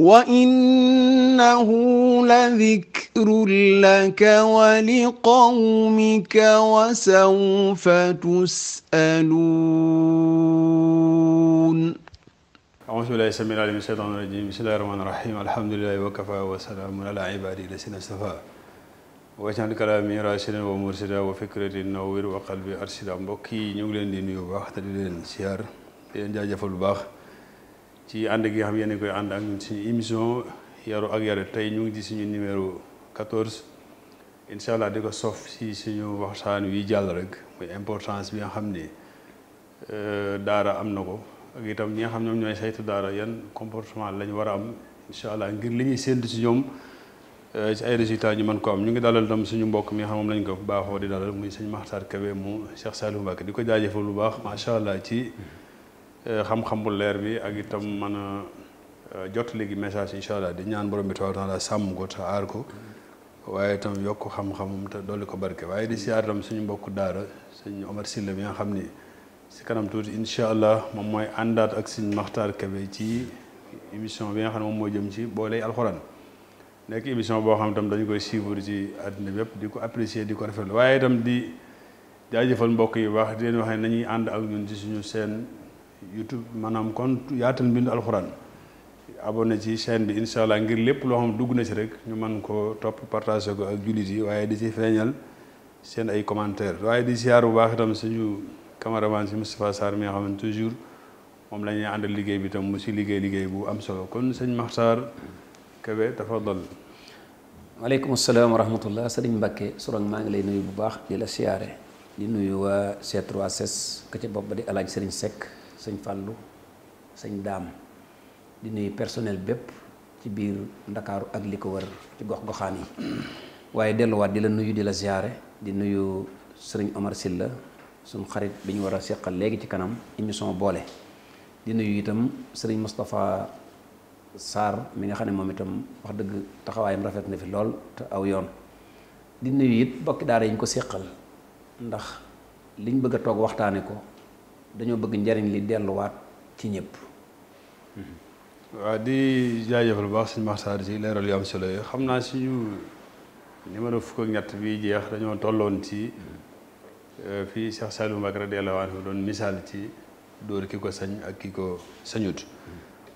وإنه لذكر لك ولقومك وسوف تسألون أعوذ بالله السميع العليم من الشيطان الرجيم بسم الله الرحمن الرحيم الحمد لله وكفى وسلام على عباده الذين اصطفى واجعل كلامي راشدا ومرشدا وفكرتي نور وقلبي أرشدا mbokk yi ñu ngi leen di nuyu bu baax te di leen siyaar di leen jaajëfal bu baax ci ànd gi nga xam yéen koy ànd ak ñun suñu émission yaru ak yare tey ñu ngi ci suñu numéro 14 incha allah di ko sof si suñu waxtaan wi jàll rek muy importance bi nga xam ne euh, daara am na ko ak itam ñi xam ñoom ñooy saytu daara yan comportement la ñu war a am incha allah ngir li ñuy séntu si ñoom euh, ci ay résultats ñu man ko am ñu ngi dalal tam suñu mbokk mi nga xam moom lañ ko baaxoo di dalal muy sëñ Makhtar Kébé mu Cheikh Saliou Mbacké di ko jaajëfal lu baax macha allah ci. Euh, xam-xam leer bi ak itam mën a euh, jot léegi message incha allah di ñaan borom bi taala taala sàmm ko te aar ko waaye itam yokk xam-xamam te dolli ko barke waaye di siyaar itam suñu mbokku daara suñu Omar Sylla bi nga xam ni si kanam tuuti incha allah moom mooy àndaat ak suñu Maxtaar Kebe ci émission bi nga xam ne moom mooy jëm ci booley alxuraan nekk émission boo xam tam dañu koy suivre ci àddina bépp di ko apprécier di ko rafetlu waaye itam di jaajëfal mbokk yi wax di leen wax ne ànd ak ñun suñu seen. youtube maanaam kon yaatal mbindu alxuraan na ci chaîne bi incha allah ngir lépp loo xam dugg na ci rek ñu man ko topp partagé ko ak jullit yi waaye di ci feeñal seen ay commentaire waaye di siyaar bu baax itam suñu cameraman si Moustapha Sarr mi nga xam ne toujours moom la ñuy liggéey bi tam mu si liggéey liggéey bu am solo kon sëñ Maxtaar Kebe tafadal waaleykum salaam wa rahmatullah sëriñ Mbàkke Sorong maa ngi lay nuyu bu baax di la siyaare di nuyu waa c 3 bopp ba di alaaj sëriñ Seck sëñ Fallou sëñ Daam di nuyu personnel bépp ci biir Ndakaaru ak li ko wër ci gox-goxaan yi waaye delluwaat di la nuyu di la ziyaare di nuyu sëriñ Omar Silla suñ xarit bi ñu war a seqal léegi ci kanam émission boole di nuyu itam sëriñ Moustapha Sarr mi nga xam ne moom itam wax dëgg taxawaayam rafet na fi lool te aw yoon di nuyu it bokki daara yi ñu ko seqal ndax liñ bëgg a toog waxtaane ko dañoo bëgg njariñ li delluwaat ci ñëpp. waaw di jaajëfal bu baax sëñ Maxtaar si leeral yu am solo yi xam naa suñu numéro fukk ak ñett bi jeex dañoo tolloon ci euh, fii Cheikh Saliou Mbacké radiyallahu anhu doon misaal ci dóor ki ko sañ ak ki ko sañut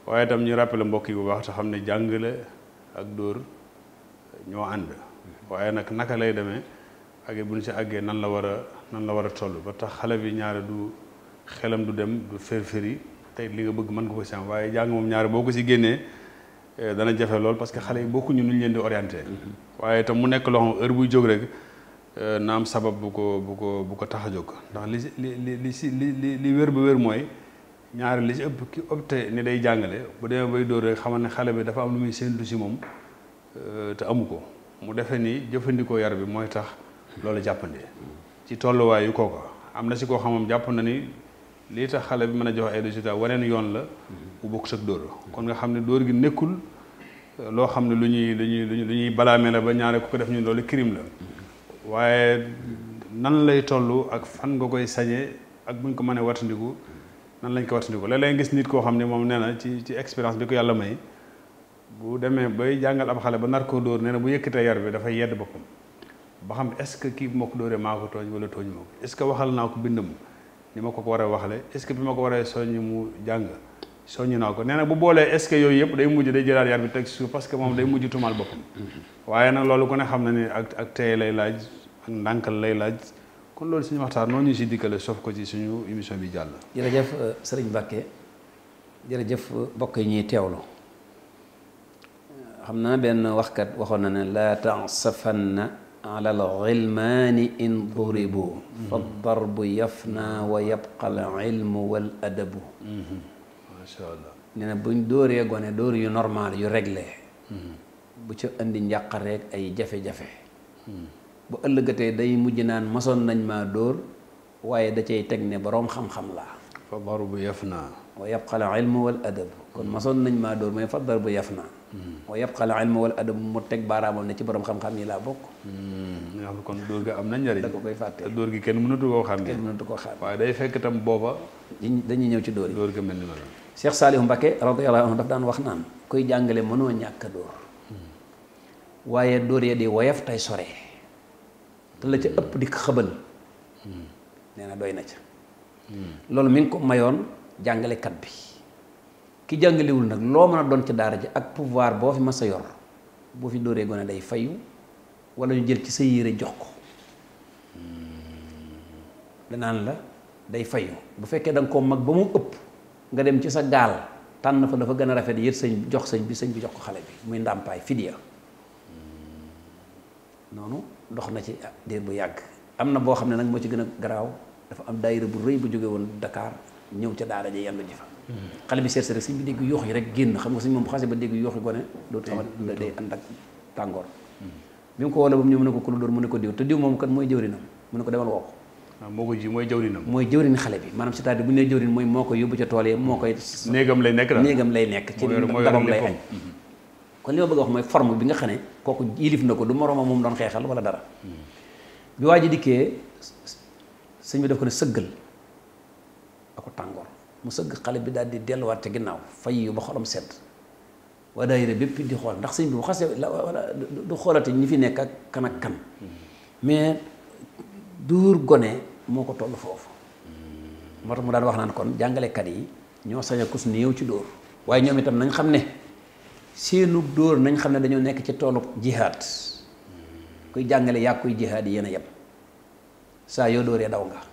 waaye itam ñu rappelé mbokk yi bu baax te xam ne jàngale ak dóor ñoo ànd waaye nag naka lay demee ak bu ñu si àggee nan la war a nan la war a toll ba tax xale bi ñaare du. xelam du dem du yi tey li nga bëgg mën nga ko si am waaye jàng moom ñaari boo ko si génnee eh, dana jafe lool parce que xale yi bokkuñu nu ñu leen di orienté. Mm-hmm. waaye tam mu nekk loo xam heure jóg rek eh, na am sabab bu ko bu ko bu ko tax a jóg ndax li si li li si li li wér ba wér mooy ñaari li si ëpp ki opté ni day jàngale bu demee bay dóor rek xamal ne xale bi dafa am lu muy séentu si moom eh, te amu ko mu defe ni jëfandikoo yar bi mooy tax loolu jàppandi. Mm-hmm. ci tolluwaay yu kooka am na si koo xam moom na ni. lii tax xale bi mën a joxe ay résultats waneen yoon la bu mhm. bokk sag dóor kon nga xam ne dóor gi nekkul loo xam ne lu ñuy lu ñuy lu ñuy balaame la ba ñaare ku ko def ñu loolu crime la mhm. waaye nan lay toll ak fan nga koy sañee ak ñu ko mënee wattandiku nan lañ ko wattandiku léeg-léeg gis nit koo xam ne moom nee na ci ci expérience bi ko yàlla may bu demee bay jàngal ab xale ba nar koo dóor nee na bu yëkkatee yar bi dafay yedd boppam ba xam est-ce que kii moo ko dóoree maa ko tooñ wala que waxal naa ko bindam ni ma ko ko war a waxale est-ce que bi ma ko waree soññ mu jàng soññ naa ko nee na bu boolee est-ce que yooyu yëpp day mujj day jëlaat yar bi teg suuf parce que moom day mujj tumaal boppam mm-hmm. waaye nag loolu ko ne xam na ni ak ak tey lay laaj ak ndànkal lay laaj kon loolu suñu waxtaan noonu ñu si dikkale sof ko ci suñu émission bi jàll jërëjëf euh, sëriñ Mbàkke jërëjëf euh, mbokk yi ñuy teewlu xam naa benn waxkat waxoon na ne laa na ala al-ghilmaani in duribu fa darbu yafna wa yabqa al wal adabu macha buñ dóoree gone door yu normal yu réglé bu ca indi njàq rekk ay jafe-jafe bu ëllëgatee day mujj naan masoon nañ maa dóor waaye da cay teg ne boroom xam-xam laa fa darbu yafna wa yabqa al ilmu wal adab kon masoon nañ maa dóor mooy faddar bu yaf naa hmm. wa yabqa al ilmu wal adab mu teg baaraamam ne ci borom xam-xam yi laa bokk nga xam hmm. kon dóor gi am na njëriñ da ko koy fàtte dóor gi kenn mënatu koo xam kenn mënatu koo xam waaye day fekk itam booba dañuy ñëw ci dóor yi dóor gi mel ni loolu Cheikh Saliou Mbacké radiyallahu anhu daf daan wax naan kuy jàngale mënoo ñàkk a dóor hmm. waaye dóor ya di woyof tey sore te la ca ëpp di xëbal nee na doy na ca loolu mi ngi ko mayoon jàngalekat bi ki jàngalewul nag loo mën a doon ci daara ji ak pouvoir boo fi ma a yor boo fi dóoree gone day fayu wala ñu jël ci sa yére jox ko hmm. danaan la day fayu bu fekkee da koo mag ba mu ëpp nga dem ci sa gaal tànn fa dafa gën a rafet yët sëñ jox sañ bi sañ bi jox ko xale bi muy ndàmpaay fidiya hmm. noonu dox na ci diir bu yàgg am na boo xam ne nag moo ci gën a garaaw dafa am daayira bu rëy bu jógewoon woon ñëw ca daara ja yendu ji fa xale bi seet si rek sëñ bi dégg yoox yi rek génn xam nga sëñ moom xase ba dégg yoox yi gone dootu xamat day ànd ak tàngoor mm. bi mu ko wala ba mu ñëw mu ne ko ku la mu ne ko diw te diw moom kat mooy jëwrinam mu ah, mooy jëwrinam jëwrin xale bi maanaam c'est-à-dire bu ñu jëwrin mooy moo koy yóbbu ca tool moo koy mm. néegam lay nekk néegam lay nekk ci daram lay añ mm-hmm. kon a wax mooy forme bi nga xam ne kooku yilif na ko du moroomam moom doon xeexal wala dara mm. bi waa ji dikkee sëñ bi daf ko ne sëggal ko tàngoor mu sëgg xale bi daal di delluwaat te ginnaaw fay yu ba xolam sedd waa daayira bépp di xool ndax sëñ bi bu du xoolate ñi fi nekk ak kan ak kan mais duur gone moo ko toll foofu moo tax mu daan wax naan kon jàngalekat yi ñoo sañ a kus ci dóor waaye ñoom itam nañ xam ne seenu dóor nañ xam ne dañoo nekk ci toolub jihaad kuy jàngale yaa kuy jihaad yi yéen a yem saa yoo dóoree daw nga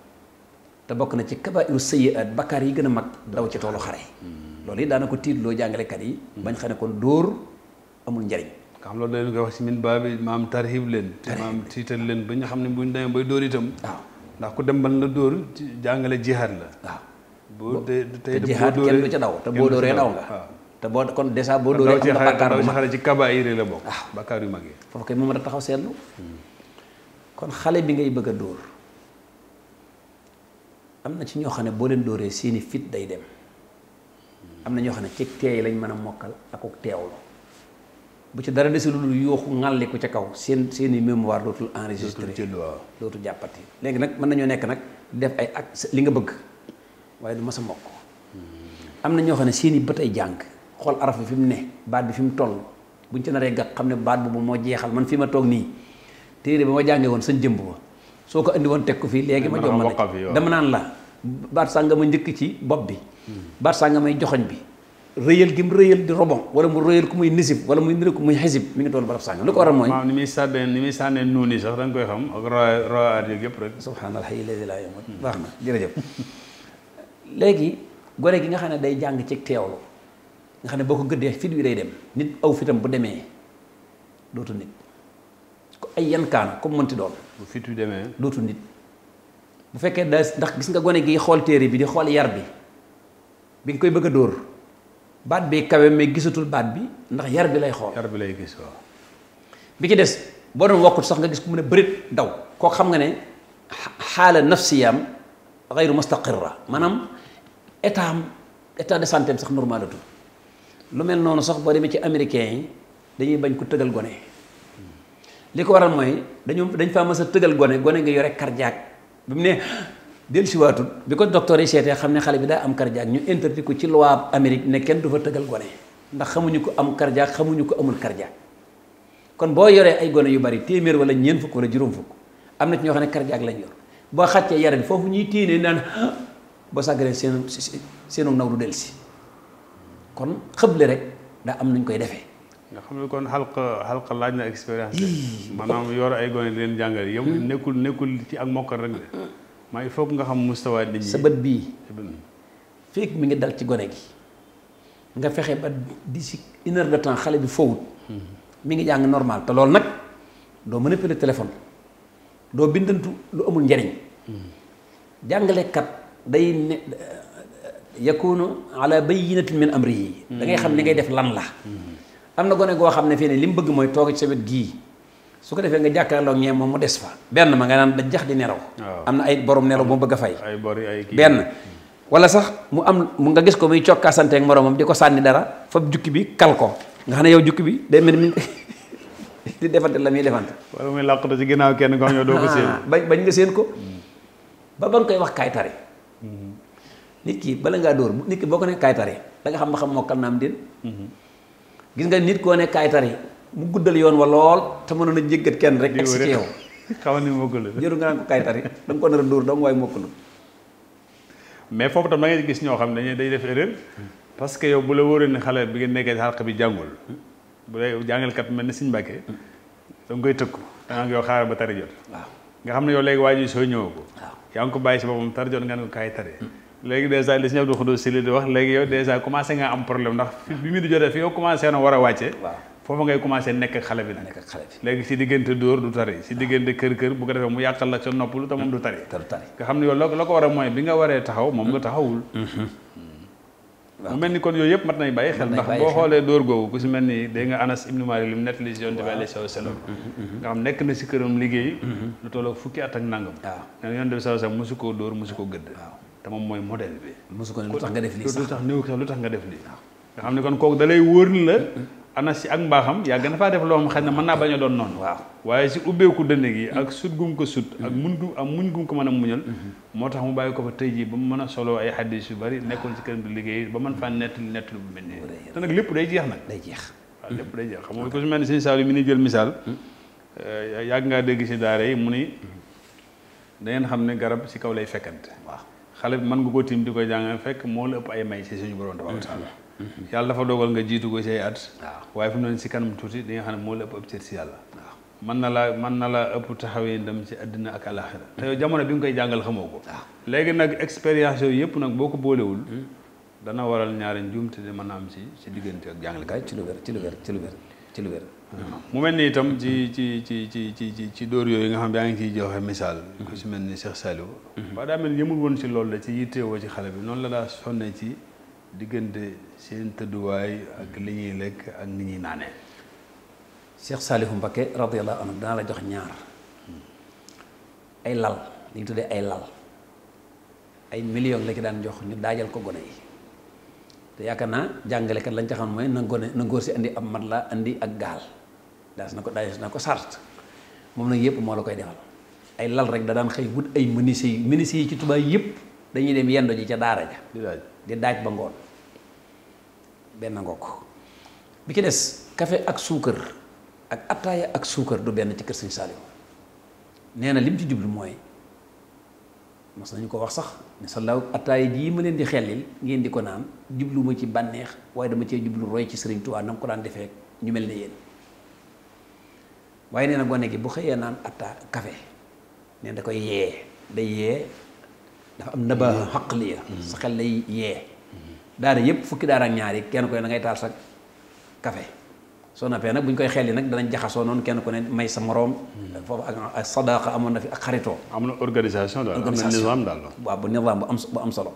te bokk na ci kabaa'iru sayyi'aat bakkaar yi gën a mag daw ci toolu xare hmm. loolu yi tiit loo jàngale kat yi bañ xam ne kon dóor amul njariñ nga xam loolu dañu koy wax si min baabi maam tarhib leen maam tiital leen ah. ba ñu xam ne buñ demee bay dóor itam ah. ndax ku dem ban la dóor jàngale jihaad la ah. boo te te jihaad kenn du ca daw te boo dóoree daw nga te boo kon dèjà boo dóoree am na bakkaar bu mag ci kabaayir la bokk waaw yu mag yi foofu kay moom a taxaw seetlu hmm. kon xale bi ngay bëgg a dóor am na ci ñoo xam ne boo leen dóoree seeni fit day dem am na ñoo xam ne ci teey lañ mën a mokkal ak ak teewlu bu ci dara desul lu yooxu ŋàlli ko ca kaw seen seeni mémoire dootul enregistré lootu jàppati léegi nag mën nañoo nekk nag def ay ak li nga bëgg waaye du mas a mokk hmm. am na ñoo xam ne seeni bët ay jàng xool araf bi fi mu ne baat bi fi mu toll buñ ci naree gàtt xam ne baat bu boobu moo jeexal man fii ma toog nii téere ba ma jàngee woon sañ jëmb ba soo ko andi teg ko fii léegi ma jox dama naan la baat sànga ma njëkk ci bopp bi baat sànga may joxoñ bi rëyal gi mu rëyal di robon wala mu rëyal ko muy nisib wala muy nire ku muy xisib mi ngi toll barab sàngam li ko waral mooy maam ni nga koy xam ak ro roaat yooyu yëpp rek subhaanal hayyi baax na jërëjëf léegi gone gi nga xam ne day jàng ci teewlu nga xam ne boo ko gëddee fit wi day dem nit aw fitam bu demee dootu nit ko ay yan comme mënti doon bu fitu demee dootul nit bu fekkee da ndax gis nga gone gi xool téere bi di xool yar bi bi nga koy bëgg a dóor baat bi kawe mais gisatul baat bi ndax yar bi lay xool. yar bi lay gis waaw. bi ci des boo doon wokkut sax nga gis ku mu ne bërit daw koo xam nga ne xaala nafsiyaam xayru mustaqirra maanaam état am état de santé am sax normalatul lu mel noonu sax boo demee ci américain yi dañuy bañ ku tëgal gone. li ko waral mooy dañu dañ faa mës a tëgal gone gone nga yore cardiaque bi mu ne dellu siwaatul bi ko docteur yi seetee xam ne xale bi daa am cardiaque ñu interdit ko ci loi Amérique ne kenn du fa tëgal gone ndax xamuñu ko am cardiaque xamuñu ko amul cardiaque kon boo yoree ay gone yu bari téeméer wala ñeen fukk wala juróom fukk am na ci ñoo xam ne cardiaque lañu yor boo xàccee yaram foofu ñuy téenee naan boo sàggaree seenu seenu naw du dellu si kon xëble rek daa am nañ koy defee nga xam ne kon xalqa xalqa laaj na expérience de maanaam ay gone leen jàngal yow nekkul nekkul ci ak mokkal rek de maa nga xam mustawa nit ñi sa bët bii fekk mi ngi dal ci gone gi nga fexe ba d'ici une heure xale bi fowut hmm. mi ngi jàng normal te loolu nag doo manipuler téléphone doo bindantu lu amul njariñ hmm. jàngalekat day ne yakunu ala bayyinatin min amrihi hmm. da ngay xam li ngay def lan la am na gone goo xam ne fii ne li mu bëgg mooy toog ci sa wet gii su ko defee nga jàkkaarloo ñee moom mu des fa benn ma nga naan da jax di nelaw am na ay borom nelaw mu bëgg a fay benn wala sax mu am mu nga gis ko muy cokkasante ak moromam di ko sànni dara fab jukki bi kal ko nga xam ne yow jukki bi day mel ni di defante la muy defante wala muy làqatu ci ginnaaw kenn ko ñëw doo ko ah, seen bañ bañ nga seen ko ba ban koy wax kaay tari mm-hmm. nit ki bala ngaa dóor nit ki boo ko ne kaay tari nga xam ba xam mokkal naam gis nga nit koo ne kaay tari mu guddal yoon wa lool te mënoon a jéggat kenn rek. ak si ci yow xamal ni mokkul jëru nga naan ko kaay tari da nga ko nar a dóor mais foofu tam da ngay gis ñoo xam ne dañuy def parce que yow bu la wóoree ne bi ngeen nekkee xalq bi jàngul bu dee jàngalkat mel ni Sëñ Mbàkke da koy tëkku da nga yow xaaral ba tari jot. waaw nga xam ne yow léegi waa soo ñëw ko. waaw yaa ngi ko bàyyi si boppam tari jot nga ne ko kaay tari. Hmm. léegi dèjà li si ñëw di si li di wax léegi yow dèjà commencé nga am problème ndax bi mu di jotee fi yow commencé na war a wàcce foofu ngay commencé nekk ak xale bi nag léegi si diggante dóor du tari si diggante kër kër bu ko mu yàqal la sa noppalu te moom du tari nga xam ne yow la ko war a mooy bi nga waree taxaw moom nga hmm. taxawul hmm. mu mel ni kon yooyu yëpp mat nañ bàyyi xel ndax boo xoolee dóor googu ku si mel ni day nga Anas ibnu Maalik li mu nettali si yoon bi alayhi hmm, nekk na si këram liggéey lu tolloo fukki at ak nangam waaw yoon bi sallallahu alayhi koo dóor mosu koo gëdd te moom mooy modèle bi. mosu ko ne lu tax nga def lii lu tax néew lu tax nga def lii. xam ne kon kooku dalay lay wóor ni la. ana si ak mbaaxam yaa na a faa def loo xam xëy na mën naa bañ a doon noonu. waaw waaye si ubbeeku dënn gi ak mm-hmm. sut gum ko sut. ak mm-hmm. muñ gum ak muñ gum ko mën a muñal. Mm-hmm. moo tax mu bàyyi ko fa tey jii ba mu mën a solo ay xaddis yu bari nekkoon si këram di liggéey ba man faa nettali nettali bu mel nii. te nag lépp day jeex nag. day jeex waaw lépp day jeex xam nga ko su mel ni sëñ Saliou mi ni jël misaal. Eh, yàgg ngaa dégg si daara mu ni xam ne garab si kaw lay fekkante xale bi mën nga koo tiim di koy jàng fekk moo la ëpp ay may ci suñu borom tabaaraka taala yàlla dafa dogal nga jiitu ko ci ay at waaye fi mu ne si kanam tuuti di xam ne moo la ëpp ëpp cër si yàlla mën na laa man na laa ëpp taxawee ndam ci àddina ak alaxira te yow jamono bi nga koy jàngal xamoo ko léegi nag expérience yooyu yëpp nag boo ko boolewul hmm. dana waral ñaari te di mën a am si si diggante ak jàngale kaay ci lu wér ci lu wér ci lu mu mel ni itam ci ci ci ci ci ci ci dóor yooyu nga xam yaa ngi kiy joxe misaal. ku si mel ni Cheikh Saliou. Mhm. waaw daa mel ni yëmul woon ci loolu la ci yittewoo ci xale bi noonu la daa sonne ci diggante seen tëdduwaay ak li ñuy lekk ak ni ñuy naanee. Cheikh Saliou Mbacké radiyallahu la jox ñaar ay lal li ñu tuddee ay lal ay million la ci daan jox ñu daajal ko gone yi. te yaakaar naa jàngalekat lañ ca xam mooy na gone na góor si indi ab mat la indi ak gaal. daas na ko daas na ko sart moom nag yëpp moo la koy defal ay lal rek da daan xëy wut ay menuisier yi menuisier yi ci tubaay yëpp dañuy dem yenn ji ca daara di daaj ba ngoon ngokk bi ci des café ak suukar ak attaaya ak suukar du benn ci kër Sëñ Saaliw na lim ci jublu mooy mas nañu ko wax sax ne sa law attaaya jii ma leen di xellil ngeen di ko naan jublu ma ci bànneex waaye dama cee jublu roy ci Sëriñ Tuubaa na nga ko daan defee ñu mel ne yéen waaye nee na gone gi bu xëyee naan atta café nee da koy yee day yee dafa am nabaa xaqliya mm-hmm. sa xel lay yee mm-hmm. daara yëpp fukki daara ak ñaar yi kenn ku ne da ngay taal sa kafe soo nappee nag bu ñu koy xel yi nag danañ jaxasoo noonu kenn ku ne may sa moroom mm-hmm. foofu ak sadaqa amoon na fi ak xaritoo am na organisation daal am na nizaam daal waaw bu nizaam bu am bu am solo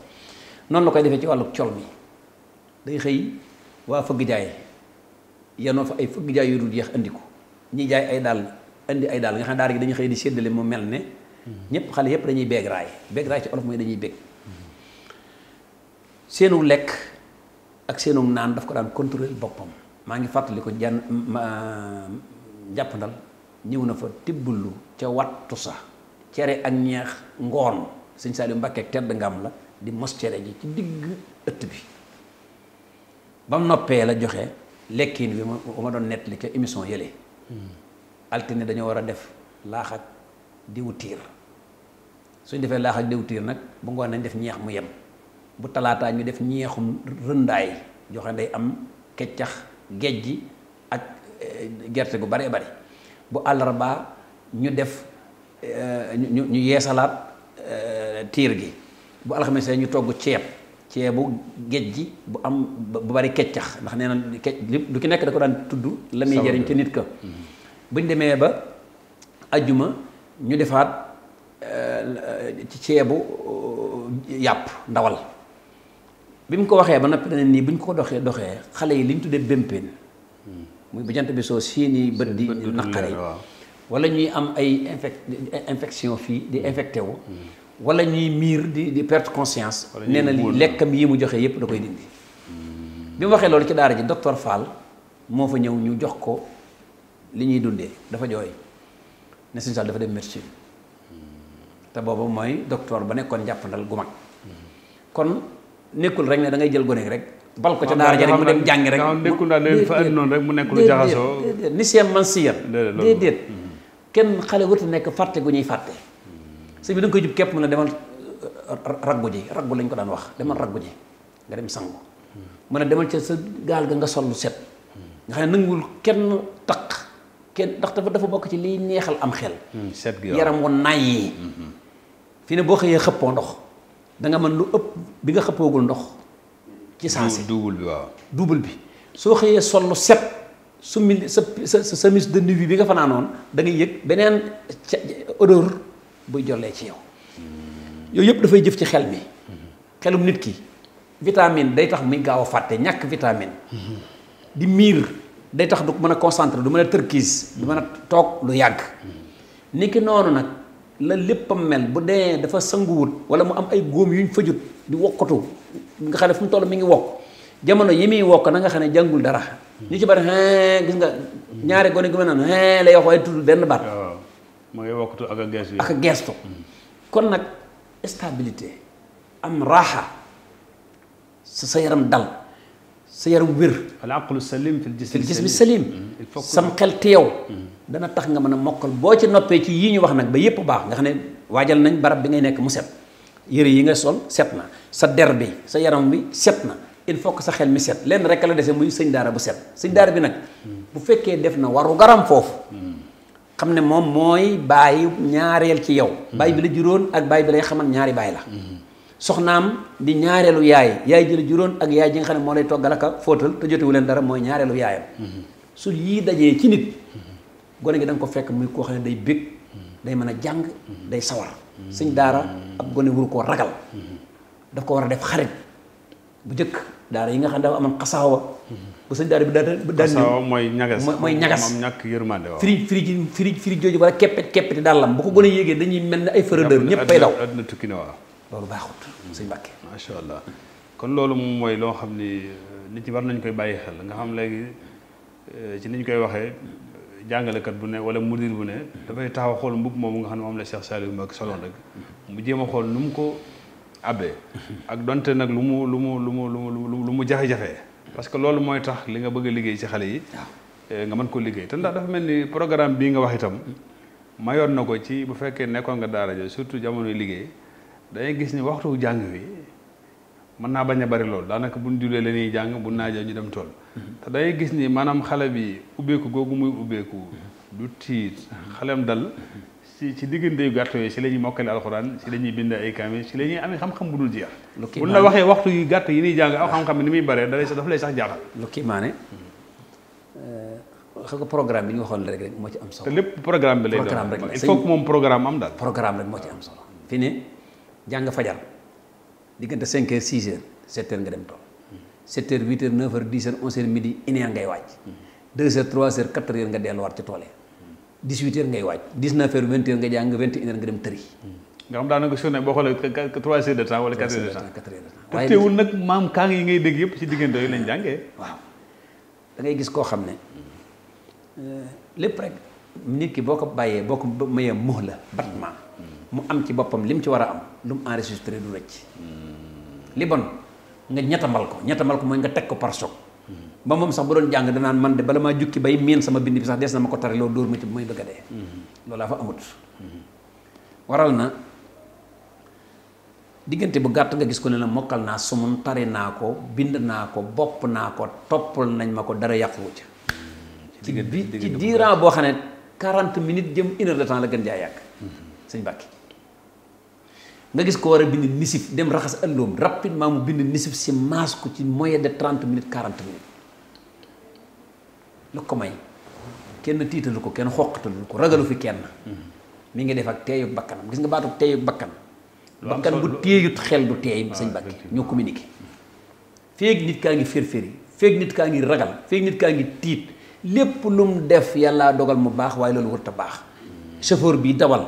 noonu la koy defee ci wàllu col mi day xëy waa fëgg jaay yanoo fa ay fëgg jaay yu dul jeex andi ko ñi jaay ay dàll indi ay dàll nga xam ne daara gi dañu xëy di séddale mu mel ne ñëpp xale yëpp dañuy beeg raay beeg raay ci olof mooy dañuy beeg seenu lekk ak seenu naan daf ko daan contrôler boppam maa ngi fàttali ko jan jàppandal ñëw na fa tibbulu ca wattu sa cere ak ñeex ngoon sëñ Saliou Mbàkke ak tedd ngam la di mos cere ji ci digg ëtt bi ba noppee la joxe lekkiin bi ma ma doon nettali ca émission yële altine dañoo war a def laax ak diwu tiir suñ defee laax ak diwu nag bu ngoon nañ def ñeex mu yem bu talaataa ñu def ñeexum rëndaay joxe day am keccax géej gi ak eh, gerte gu bare bari bu àllarbaa ñu def eh, ñu ñu yeesalaat eh, tiir gi bu alxames ñu togg ceeb ceebu géej gi bu am bu bari keccax ndax nee na kecc lu ki nekk da ko daan tudd la muy jariñ ca nit ka buñ demee ba ajjuma ñu defaat euh, ci ceebu euh, yàpp ndawal bi mu ko waxee ba noppi dana nii bu ñu ko doxee doxee xale yi li ñu tuddee bémpéen muy bu jant bi soo seeni bët di naqari wala ñuy am ay infec infection fii di infecté wu hmm. wala ñuy miir di di perte conscience. nee na lii lekkam yii mu joxe yépp da koy dindi. Hmm. bi mu waxee loolu ci daara ji docteur Fall moo fa ñëw ñu jox ko li ñuy dundee dafa jooy ne Sëñ Saal dafa dem médecine hmm. te boobu mooy docteur ba nekkoon ndal gu mag hmm. kon nekkul rek ne da ngay jël gone rek. bal ko ca daara ja rek mu dem jàngi rek nekkul daal leen fa andi noonu rek mu nekk lu jaxasoo. déedéet déedéet ni seen man si yan. déedéet kenn xale wuti nekk fàtte gu ñuy fàtte. sëñ bi da koy jub képp mu ne demal euh, raggu ji raggu lañ ko daan wax demal raggu ji nga dem sangu mu a demal ca sa gaal ga nga sol lu set nga xam ne nanguwul kenn taq kenn ndax dafa dafa bokk ci liy neexal am xel hmm, set gi yaram woon naay fii fi ne boo xëyee xëppoo ndox da nga mën lu ëpp bi nga xëppoogul ndox ci saasi duubul bi waaw duubul bi soo xëyee sol lu set su mil sa sa sa chemise de nuit bi nga fanaanoon da ngay yëg beneen odeur buy jollee ci yow yooyu yëpp dafay jëf ci xel mi xelum nit ki vitamine day tax muy gaaw a fàtte ñàkk vitamine di miir day tax du mën a concentré du man a tërkiis du mën a toog lu yàgg niki noonu nag la léppam mel bu dee dafa sanguwut wala mu am ay góom yuñ fajut di wokkatu nga xam ne fu mu toll mi ngi wokk jamono yi muy wokk na xam ne jàngul dara ñu ci bari gis nga ñaari gone gu mel noonu lay wax waaye tudd benn baat mooy wokkatu ak a gestu kon nag stabilité am raaxa sa sa yaram dal sa yaram wér. al aqlu salim fil jismi salim fil jismi salim. Mm, sam xel yow dana tax nga mën a mokkal boo ci noppee ci yii ñu wax nag ba yépp baax nga xam ne waajal nañ barab bi ngay nekk mu set yëre yi nga sol set na sa der bi sa yaram bi set na. il faut que sa xel mi set lenn rek la dese muy sëñ daara bu set sëñ daara bi nag bu fekkee def na waru foofu mm. xam ne moom mooy bàyyi ñaareel ci yow. bàyyi bi la juróon ak bàyyi bi lay xamal ñaari bàyyi la. soxnaam di ñaareelu yaay yaay ji la juróon ak yaay ji nga xam ne moo lay toggal ak a fóotal te leen dara mooy ñaareelu yaayam. su yii dajee ci nit. gone gi da nga ko fekk muy koo xam ne day bég day mën a jàng day sawar. suñ daara ab gone wuru koo ragal. daf ko war a def xarit bu njëkk daara yi nga xam ne dafa amoon xasaawa. bu sëñ daara bi daan daan ñëw mooy ñagas mooy ñagas moom ñàkk yërmande waaw firi firi firi firi jooju wala keppet keppeti dàllam bu ko gën a yéegee dañuy mel ni ay fërëdër ñëpp ay daw adduna tukki na waaw loolu baaxut sëñ Mbàkke macha allah kon loolu moom mooy loo xam ni euh, nit ñi war nañ koy bàyyi xel nga xam léegi euh, ci niñ koy waxee jàngalekat bu ne wala mudir bu ne dafay taxaw xool mbubb moomu nga xam ne moom la Cheikh Saliou Mbacké soloon rek mu jéem a xool nu mu ko abbee ak donte nag lu mu lu mu lu mu lu mu lu mu jafe-jafe parce que loolu mooy tax li nga bëgg a liggéey ci xale yi eh, nga mën koo liggéey te ndax dafa mel ni programme bii nga wax itam hmm. mayoon na ko ci bu fekkee nekkoon nga daara jo surtout jamono liggéey dangay gis ni waxtu jàng wi mën naa bañ a bari lool daanaka buñ julee la ñuy jàng bu naajee ñu dem tool hmm. te dangay gis ni maanaam xale bi ubbeeku googu muy ubbeeku hmm. du tiit xalem dal ci ci diggante yu gàtt yooyu si la ñuy mokkale alxuraan si la ñuy bind ay kaamil si la amee xam-xam bu dul jeex bu la waxee waxtu yu yi ñuy jàng aw xam-xam ni muy baree dalay sax dafa lay sax jaaxal lu kii eh, xam nga programme bi ñu waxoon rek rek moo ci am solo te lépp programme bi lay doon il moom programme am daal programme rek moo ci am solo fi ne jàng fajar diggante cinq heures six heures sept nga dem toog sept heures huit heures neuf heures dix heures onze heures midi une heure ngay wàcc deux heures trois heures quatre heures nga delluwaat ci tool yi 18 heures ngay waaj 19 heures 20 heures nga jàng 21 heures nga dem tëri. nga xam daanaka journée boo xoolee 3 heures de temps wala 4 heures de temps. 4 teewul nag maam kaang yi ngay dégg yëpp ci diggante yooyu lañ jàngee. waaw da gis koo xam ne euh, lépp rek nit ki boo ko bàyyee boo ko mayee muux la battement mu am ci boppam li mu ci war a am lu mu enregistré du rëcc. Hmm. li bon nga ñettamal ko ñettamal ko mooy nga teg ko par ba moom sax bu doon jàng danaan man de bala maa jukki bay miin sama bind bi sax des na ma ko tare loolu dóor ma ci bu may bëgg a dee mm-hmm. loolaa fa amut waral na diggante bu gàtt nga gis ko ne la mokkal naa sumun tare naa ko bind naa ko bopp naa ko toppal nañ ma ko dara yàquwu ca mm-hmm. ci bi ci boo xam ne quarante minutes jëm une heure de temps la gën jaay yàgg mm-hmm. sëñ Bàkki nga gis ko war a bind nisif dem raxas ëlloom rapidement mu bind nisif si maas ko ci moyen de trente minutes quarante minutes lu ko may kenn tiitalu ko kenn xoqatalu ko ragalu fi kenn mi ngi def ak teeyub bakkanam gis nga baatu teeyub bakkan bakkan bu téeyut xel du teey ah, sañ bàkke ñoo communiqué feeg nit kaa ngi fér-féri feeg nit kaa ngi ragal feeg nit kaa ngi tiit lépp lu mu def yàlla dogal mu baax waaye loolu wërta baax chauffeur bii dawal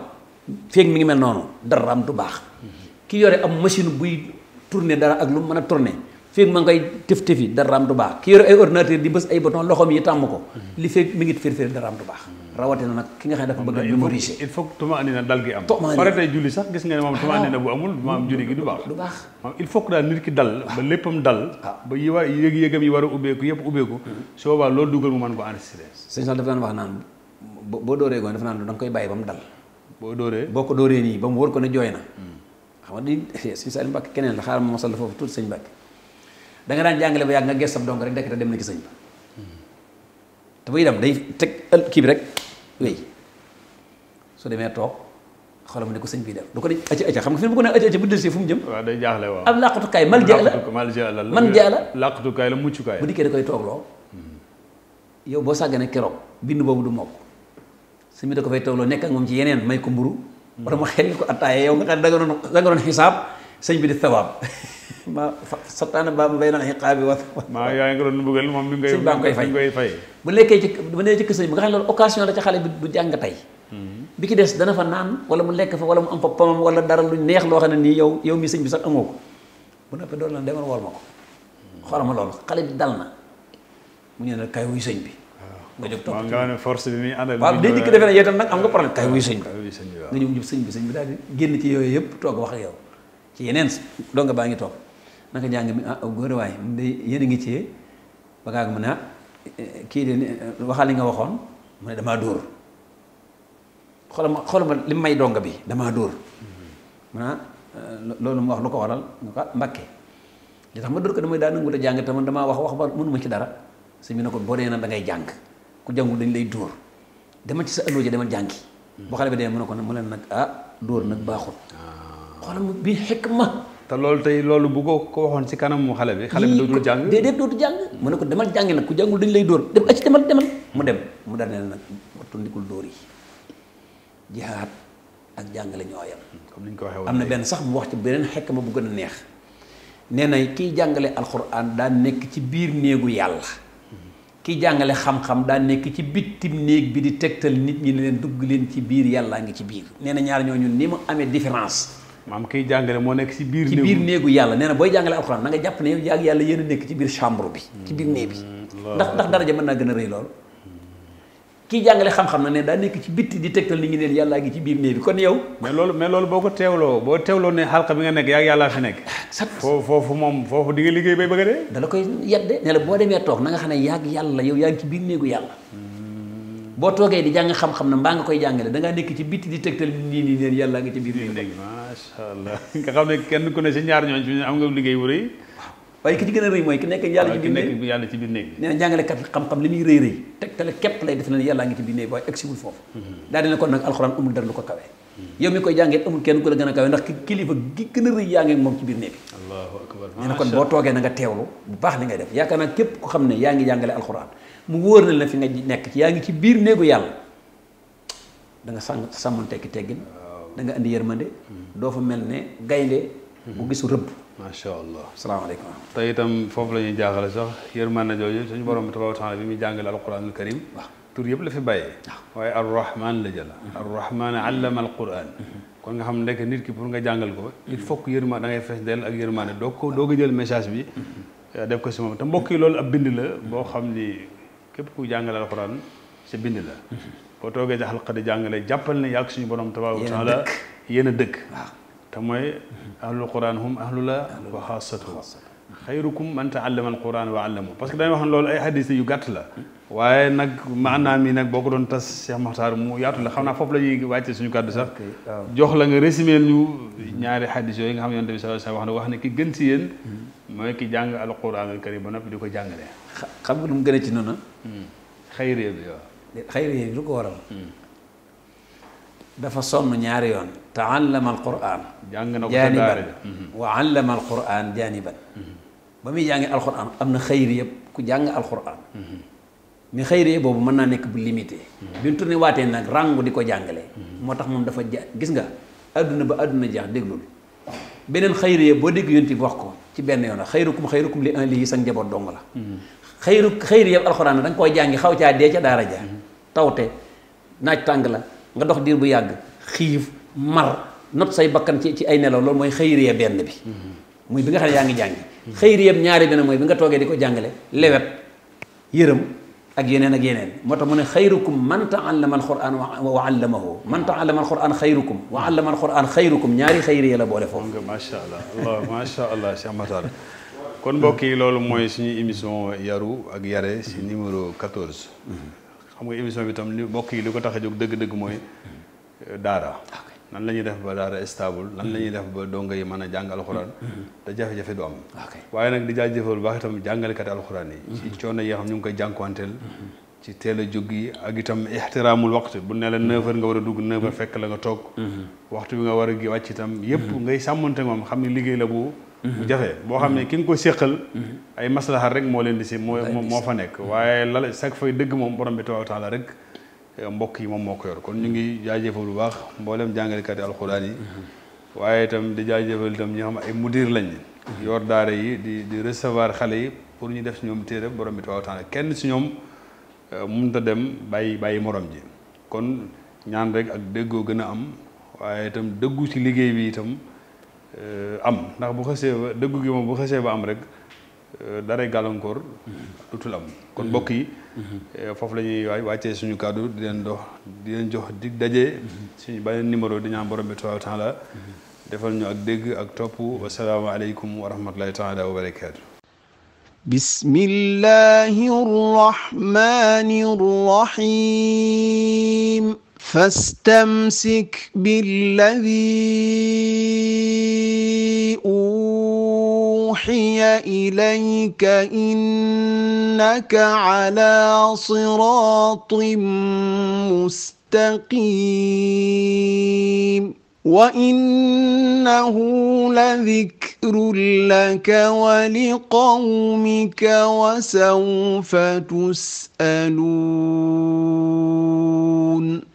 feeg mi ngi mel noonu dara am du baax ki yore am machine buy tourner dara ak lu mu mën a tourner feeg ma ngay tëf tëfi daraam du baax ki yor ay ordinateur di bës ay bouton loxoom yi tàmm ko mm-hmm. li feeg mi ngi firfiri daraam du baax rawatina nag ki nga xam ne dafa bëgg a mémoriser il faut tuma andi na dal gi am pare dal ah. yi war yëg-yëgam yi war a ubbeeku yëpp ubbeeku mm-hmm. su boobaa loolu dugal ko enregistré sëñ sax dafa daan wax naan boo dooree boo ko dooree nii ba mu wóor ko ne jooy na mm. xam nga di sëñ Saliou Mbacke keneen la xaaral ma mosal la foofu tuuti sëñ Mbacke da nga daan jàngale ba yàgg nga ges sab dong rek dekk te dem na ci sëñ ba te buy dem day teg ël kii bi rek wéy su demee toog xolam ne ko sëñ bi def du ko di xam nga fi ko ne bu fu mu jëm waaw day jaaxle waaw ab làqatukaay mal jaa la man jaa la làqatukaay la muccukaay bu dikkee da koy toogloo yow boo sàgganee keroog bind boobu du mokk sëñ da ko fay toogloo nekk ak moom ci yeneen may ko mburu wala mu xel ko attaaye yow nga xam ne doon xisaab sëñ bi di sawaab ma sabtaana baa ma bay na xiqaabi wa maa yaa ngi doon bëggal moom mi ngay sëñ baa ngi koy fay koy fay bu nekkee ci bu nekkee ci kër sëñ bi nga xam ne loolu occasion la bi du jàng mhm. dana fa naan wala mu lekk fa wala mu am fa pomam wala dara lu neex loo xam ne nii yow yow mi sëñ bi sax amoo ko bu noppee doon la demal wool ma ko xoolal ma loolu xale bi dal na mu ñëw ne kay wuy sëñ bi ah, nga jóg toog nga ah, bi waaw nga sëñ bi nga ñëw jub sëñ bi sëñ bi daal génn ci yooyu yëpp toog wax ak yow ci yeneen donga baa ngi toog naka njàng mi ah góor waay yéen a ngi ci ba kaag mu eh, kii de eh, waxal li nga waxoon mu ne damaa dóor xolama xolama li may donga bi damaa dóor mu ne ah, wax lu ko waral mu ko ah, mbakke li tax ma dóor ko damay man damaa wax wax ba mënuma ci dara sëñ ne ko boo dee na da ngay jàng ku jàngul dañ lay dóor demal ci sa ëllëg demal jàngi. bu xale bi dee mu ne ko mu leen nag ah dóor nag baaxul. xoolal bi xikma te loolu tey loolu bu ko ko waxoon si kanamu xale bi xale bi dootul jàng déedéet dootu jàng mu ne ko demal jàngi nag ku jàngul lay dóor dem aci demal demal mu dem mu dane nag watundikul dóor yi jihaat ak jàngale ñoo yam comme ni ko waxee am na benn sax mu wax ci beneen xekk ma bu gën a neex nee na kiy jàngale alxuraan daa nekk ci biir néegu yàlla kiy jàngale xam-xam daa nekk ci bitim néeg bi di tegtal nit ñi leen dugg leen ci biir yàllaa ngi ci biir nee na ñoo ñooñu ni mu amee différence maam kiy jàngale moo nekk ci biir. néegu yàlla nee booy jàngale alxuraan na jàpp ne yow yaa yàlla yéen a nekk ci biir chambre bi. ci biir néeg bi hmm, ndax ndax daraja mën a rëy loolu. kii jàngale xam-xam na ne daa nekk ci bitti di tegtal li ngi neen yàllaa ngi ci biir néeg bi kon yow. mais loolu mais loolu boo ko teewloo boo teewloo ne xalqa bi nga nekk yaa yàllaa fi nekk. Ah, foofu foofu moom foofu di liggéey bay bëgg a dala koy yedde ne la boo demee toog na nga xam ne yaa yàlla yow yaa ngi ci biir néegu yàlla boo toogee di jàng xam-xam na mbaa nga koy jàngale da ngaa nekk ci biti di tegtal nii nii neen yàlla nga ci biir néeg bi macha allah nga xam ne kenn ku ne si ñaar ñooñ ci am nga liggéey bu rëy gën mooy ki nekk yàlla ci biir néeg nekk yàlla jàngalekat xam-xam li muy rëy rëy tegtale képp lay def na yàlla nga ci biir néeg waaye egsiwul foofu mhm. daa dina kon nag alxuraan amul dara lu ko kawe yow mi koy jàngee amul kenn ku la gën a kawe ndax kilifa gi gën a rëy yaa ngi moom ci biir néeg bi allahu akbar nee na kon boo toogee na nga teewlu bu baax li ngay def yaakaar naa képp ku xam ne yaa ngi jàngale alxuraan mu wóor na la fi nga nekk ci yaa ngi ci biir néegu yàlla da nga sàng sàmmoon tekki teggin da nga indi yërmande hmm. doo fa mel ne gaynde hmm. bu gisu rëbb macha allah salaamaaleykum te itam foofu la ñuy jaaxale sax yërmande jooju suñu borom bi tabaaraka taala bi muy jàngale alquranul karim tur yëpp la fi bàyyee waaye arrahman la jël hmm. arrahman allama alquran kon nga xam nekk nit ki pour nga jàngal ko il faut que yërmande da ngay dell ak yërmande doo ko doo ko jël message bi def ko si moom te mbokk yi loolu ab bind la boo xam ni képp ku jàngale alxuraan sa bind la boo toogee sa xalqa jàngale jàppal ne yàgg suñu borom tabaaraka wa taala yéen a dëkk te mooy ahlul quraan hum ahlu la wa xaasatuhu xayrukum man taallama alquran wa allamahu parce que dañuy wax ne loolu ay hadis yu gàtt la waaye nag maanaam yi nag boo ko doon tas Cheikh Makhtar mu yaatu la xam naa foofu la ñuy wàcce suñu kàddu sax jox la nga résumé ñu ñaari hadis yooyu nga xam ne yonent bi wax ne wax ne ki gën si yéen mooy ki jàng alquran al ba noppi di ko jàngale xam nga lu mu ci noonu hmm. xayree bi waaw xayree bi ko waral hmm. dafa sonn ñaari yoon taallama alquran jàng na ko jaaniban hmm. wa allama alquran jaaniban ba muy jàngi alxuraan am na xayri yëpp ku jàng alxuraan mais xayri boobu mën naa nekk bu limité bi mu tourné waatee nag ràngu di ko jàngale moo tax moom dafa ja gis nga àdduna ba àdduna jeex déglul beneen xayri boo dégg yonti bi wax ko ci benn yoon la xayrukum xayrukum li njaboot dong la xayru xayri yëpp alxuraan da nga koy jàngi xaw caa dee ca daara ja tawte naaj tàng la nga dox diir bu yàgg xiif mar not say bakkan ci ci ay nelaw loolu mooy xëyriya benn bi muy bi nga xam ne yaa ngi jàngi xëyriyam ñaari benn mooy bi nga toogee di ko jàngale lewet yërëm ak yeneen ak yeneen moo tax mu ne xayrukum man taallama alquran wa allamahu man taallama alquran xayrukum wa allama alquran xayrukum ñaari xayriya la boole foofu nga macha allah allah macha allah Cheikh Matar kon mbokk yi loolu mooy suñu émission yaru ak yare si numéro 14 mhm. xam nga émission bi tam li mbokk yi li ko tax a jóg dëgg-dëgg mooy euh, daara ah. nan la ñuy def ba daara stable nan la ñuy mm-hmm. def ba donga yi mën a jàng alxuraan mm-hmm. te jafe-jafe du am waaye nag di jaajëfal bu baax itam jàngalekati alxuraan yi ci mm-hmm. coono yi nga xam ñu ngi koy jànkuwanteel ci teel a jóg yi ak itam ixtiraamul waxtu bu ne la neuf heures nga war a dugg neuf heures fekk la nga toog waxtu bi nga war a gi wàcc itam yëpp ngay sàmmante moom xam ne liggéey la bu jafe boo xam ne ki nga ko séqal ay maslaha rek moo leen di si moo moo fa nekk waaye l chaque fois dëgg moom borom bi tabaaraka rek mbokk yi moom moo ko yor kon ñu ngi jaajëfal bu baax mbooleem jàngalekati alxuraan yi waaye itam di jaajëfal itam ñi xam ay mudir lañ yor daara yi di di recevoir xale yi pour ñu def si ñoom téere borom bi tabaaraka taala kenn si ñoom euh, mun ta dem bàyyi bàyyi morom ji kon ñaan rek ak déggoo gën a am waaye itam dëggu ci liggéey bi itam euh, am ndax bu xasee ba dëggu gi moom bu xasee ba am rek Euh, daray gàllankoor dutul am kon mbokk yi euh, foofu la ñuy waay wàccee suñu di leen dox di leen defal ñu ak dégg ak topp wasalaamaaleykum wa rahmatullahi taala wa أوحي إليك إنك على صراط مستقيم وإنه لذكر لك ولقومك وسوف تسألون